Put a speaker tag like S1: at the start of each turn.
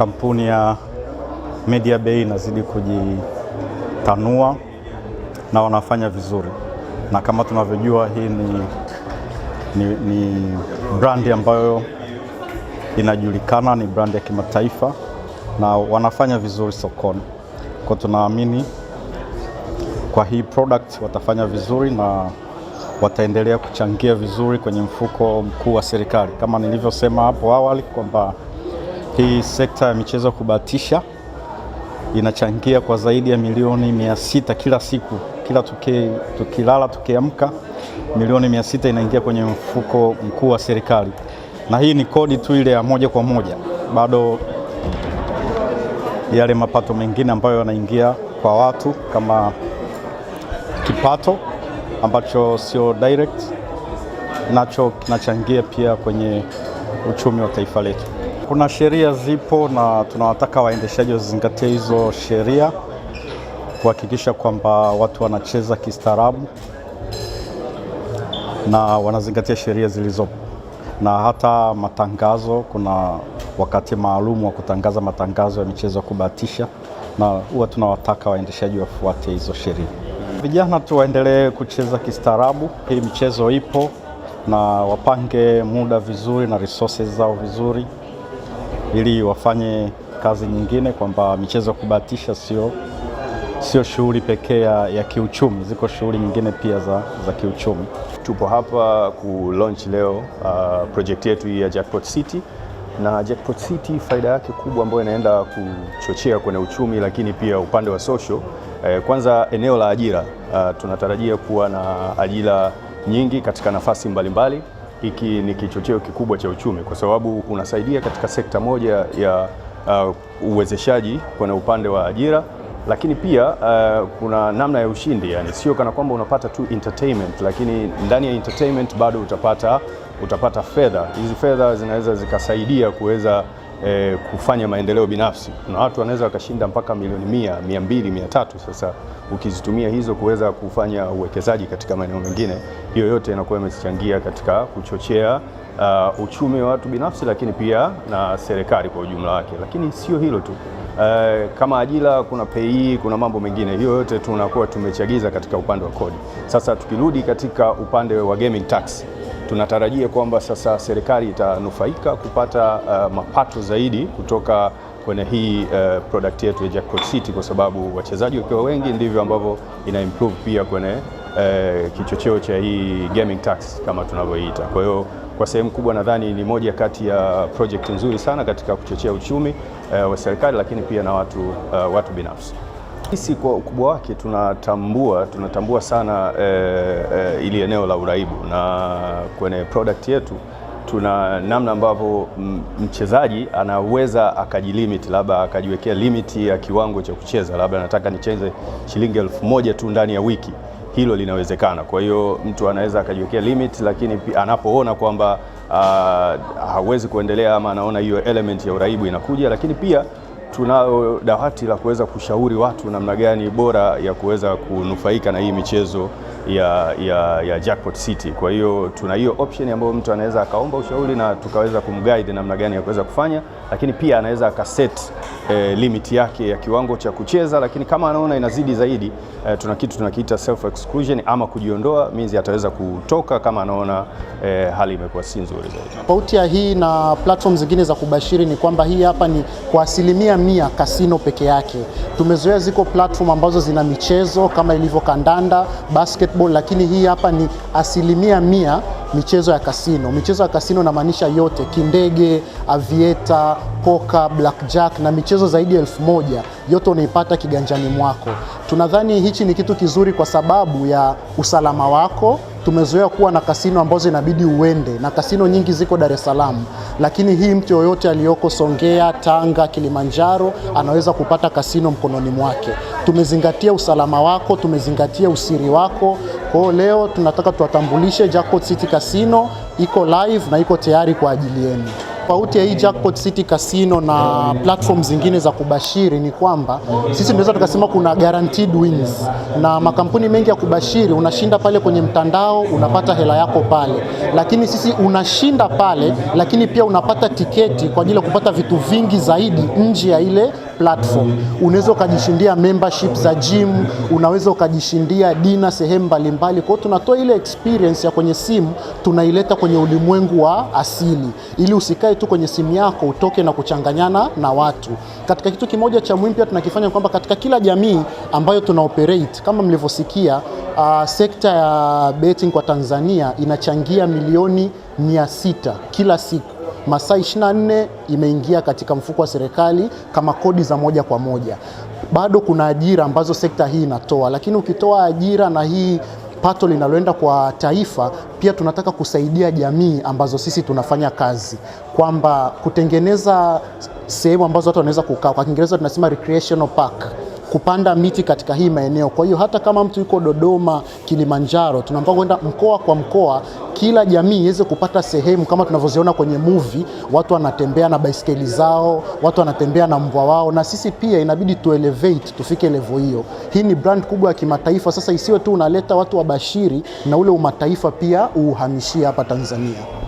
S1: kampuni ya Bay inazidi kujitanua na wanafanya vizuri, na kama tunavyojua hii ni, ni, ni brandi ambayo inajulikana, ni brandi ya kimataifa na wanafanya vizuri sokoni, kwa tunaamini kwa hii product watafanya vizuri na wataendelea kuchangia vizuri kwenye mfuko mkuu wa serikali, kama nilivyosema hapo awali kwamba hii sekta ya michezo kubahatisha inachangia kwa zaidi ya milioni mia sita kila siku, kila tuke, tukilala tukiamka, milioni mia sita inaingia kwenye mfuko mkuu wa serikali, na hii ni kodi tu ile ya moja kwa moja, bado yale mapato mengine ambayo yanaingia kwa watu kama kipato ambacho sio direct, nacho kinachangia pia kwenye uchumi wa taifa letu kuna sheria zipo na tunawataka waendeshaji wazingatie hizo sheria kuhakikisha kwamba watu wanacheza kistaarabu na wanazingatia sheria zilizopo, na hata matangazo, kuna wakati maalum wa kutangaza matangazo ya michezo ya kubahatisha, na huwa tunawataka waendeshaji wafuate hizo sheria. Vijana tu waendelee kucheza kistaarabu, hii michezo ipo, na wapange muda vizuri na resources zao vizuri ili wafanye kazi nyingine, kwamba michezo ya kubahatisha sio sio shughuli pekee ya kiuchumi, ziko shughuli nyingine pia za, za kiuchumi.
S2: Tupo hapa ku launch leo uh, project yetu hii ya Jackpot City na Jackpot City faida yake kubwa ambayo inaenda kuchochea kwenye uchumi, lakini pia upande wa social eh, kwanza eneo la ajira uh, tunatarajia kuwa na ajira nyingi katika nafasi mbalimbali mbali hiki ni kichocheo kikubwa cha uchumi, kwa sababu unasaidia katika sekta moja ya uh, uwezeshaji kwenye upande wa ajira, lakini pia uh, kuna namna ya ushindi, yani sio kana kwamba unapata tu entertainment, lakini ndani ya entertainment bado utapata, utapata fedha. Hizi fedha zinaweza zikasaidia kuweza e, kufanya maendeleo binafsi. Kuna watu wanaweza wakashinda mpaka milioni mia, mia mbili, mia tatu. Sasa ukizitumia hizo kuweza kufanya uwekezaji katika maeneo mengine, hiyo yote inakuwa imechangia katika kuchochea uh, uchumi wa watu binafsi, lakini pia na serikali kwa ujumla wake. Lakini sio hilo tu Uh, kama ajira kuna pei, kuna mambo mengine, hiyo yote tunakuwa tumechagiza katika upande wa kodi. Sasa tukirudi katika upande wa gaming tax tunatarajia kwamba sasa serikali itanufaika kupata uh, mapato zaidi kutoka kwenye hii uh, product yetu ya Jackpot City, kwa sababu wachezaji wakiwa wengi ndivyo ambavyo ina improve pia kwenye uh, kichocheo cha hii gaming tax kama tunavyoiita. Kwa hiyo kwa sehemu kubwa nadhani ni moja kati ya project nzuri sana katika kuchochea uchumi uh, wa serikali, lakini pia na watu, uh, watu binafsi. Sisi kwa ukubwa wake tunatambua tunatambua sana e, e, ili eneo la uraibu na kwenye product yetu tuna namna ambavyo mchezaji anaweza akajilimit, labda akajiwekea limiti ya kiwango cha kucheza, labda anataka nicheze shilingi elfu moja tu ndani ya wiki. Hilo linawezekana. Kwa hiyo mtu anaweza akajiwekea limit, lakini anapoona kwamba ah, hawezi kuendelea ama anaona hiyo element ya uraibu inakuja, lakini pia tunalo dawati la kuweza kushauri watu namna gani bora ya kuweza kunufaika na hii michezo ya, ya, ya Jackpot City. Kwa hiyo tuna hiyo option ambayo mtu anaweza akaomba ushauri na tukaweza kumguide namna gani ya kuweza kufanya, lakini pia anaweza akaset eh, limit yake ya kiwango cha kucheza, lakini kama anaona inazidi zaidi eh, tuna kitu tunakiita self exclusion ama kujiondoa, means ataweza kutoka kama anaona eh, hali imekuwa si nzuri zaidi.
S3: Tofauti ya hii na platform zingine za kubashiri ni kwamba hii hapa ni kwa asilimia mia kasino peke yake. Tumezoea ziko platform ambazo zina michezo kama ilivyo kandanda, basket netball, lakini hii hapa ni asilimia mia michezo ya kasino. Michezo ya kasino namaanisha yote, kindege, avieta, poka, blackjack na michezo zaidi ya elfu moja yote unaipata kiganjani mwako. Tunadhani hichi ni kitu kizuri kwa sababu ya usalama wako. Tumezoea kuwa na kasino ambazo inabidi uende na kasino nyingi ziko Dar es Salaam, lakini hii mtu yoyote aliyoko Songea, Tanga, Kilimanjaro anaweza kupata kasino mkononi mwake tumezingatia usalama wako, tumezingatia usiri wako. Kwa hiyo leo tunataka tuwatambulishe Jackpot City Casino iko live na iko tayari kwa ajili yenu tofauti ya hii Jackpot City Casino na platform zingine za kubashiri ni kwamba sisi tunaweza tukasema kuna guaranteed wins, na makampuni mengi ya kubashiri unashinda pale kwenye mtandao unapata hela yako pale, lakini sisi unashinda pale, lakini pia unapata tiketi kwa ajili ya kupata vitu vingi zaidi nje ya ile platform. Unaweza ukajishindia membership za gym, unaweza ukajishindia dina sehemu mbalimbali. Kwa hiyo tunatoa ile experience ya kwenye simu tunaileta kwenye ulimwengu wa asili ili usikae tu kwenye simu yako utoke na kuchanganyana na watu. Katika kitu kimoja cha muhimu pia tunakifanya kwamba katika kila jamii ambayo tuna operate kama mlivyosikia, uh, sekta ya betting kwa Tanzania inachangia milioni sita kila siku masaa 24 imeingia katika mfuko wa serikali kama kodi za moja kwa moja. Bado kuna ajira ambazo sekta hii inatoa, lakini ukitoa ajira na hii pato linaloenda kwa taifa, pia tunataka kusaidia jamii ambazo sisi tunafanya kazi, kwamba kutengeneza sehemu ambazo watu wanaweza kukaa, kwa Kiingereza tunasema recreational park kupanda miti katika hii maeneo. Kwa hiyo hata kama mtu yuko Dodoma, Kilimanjaro, tuna mpango kwenda mkoa kwa mkoa, kila jamii iweze kupata sehemu kama tunavyoziona kwenye movie, watu wanatembea na baiskeli zao, watu wanatembea na mbwa wao, na sisi pia inabidi tu elevate, tufike level hiyo. Hii ni brand kubwa ya kimataifa, sasa isiwe tu unaleta watu wabashiri, na ule umataifa pia uuhamishie hapa Tanzania.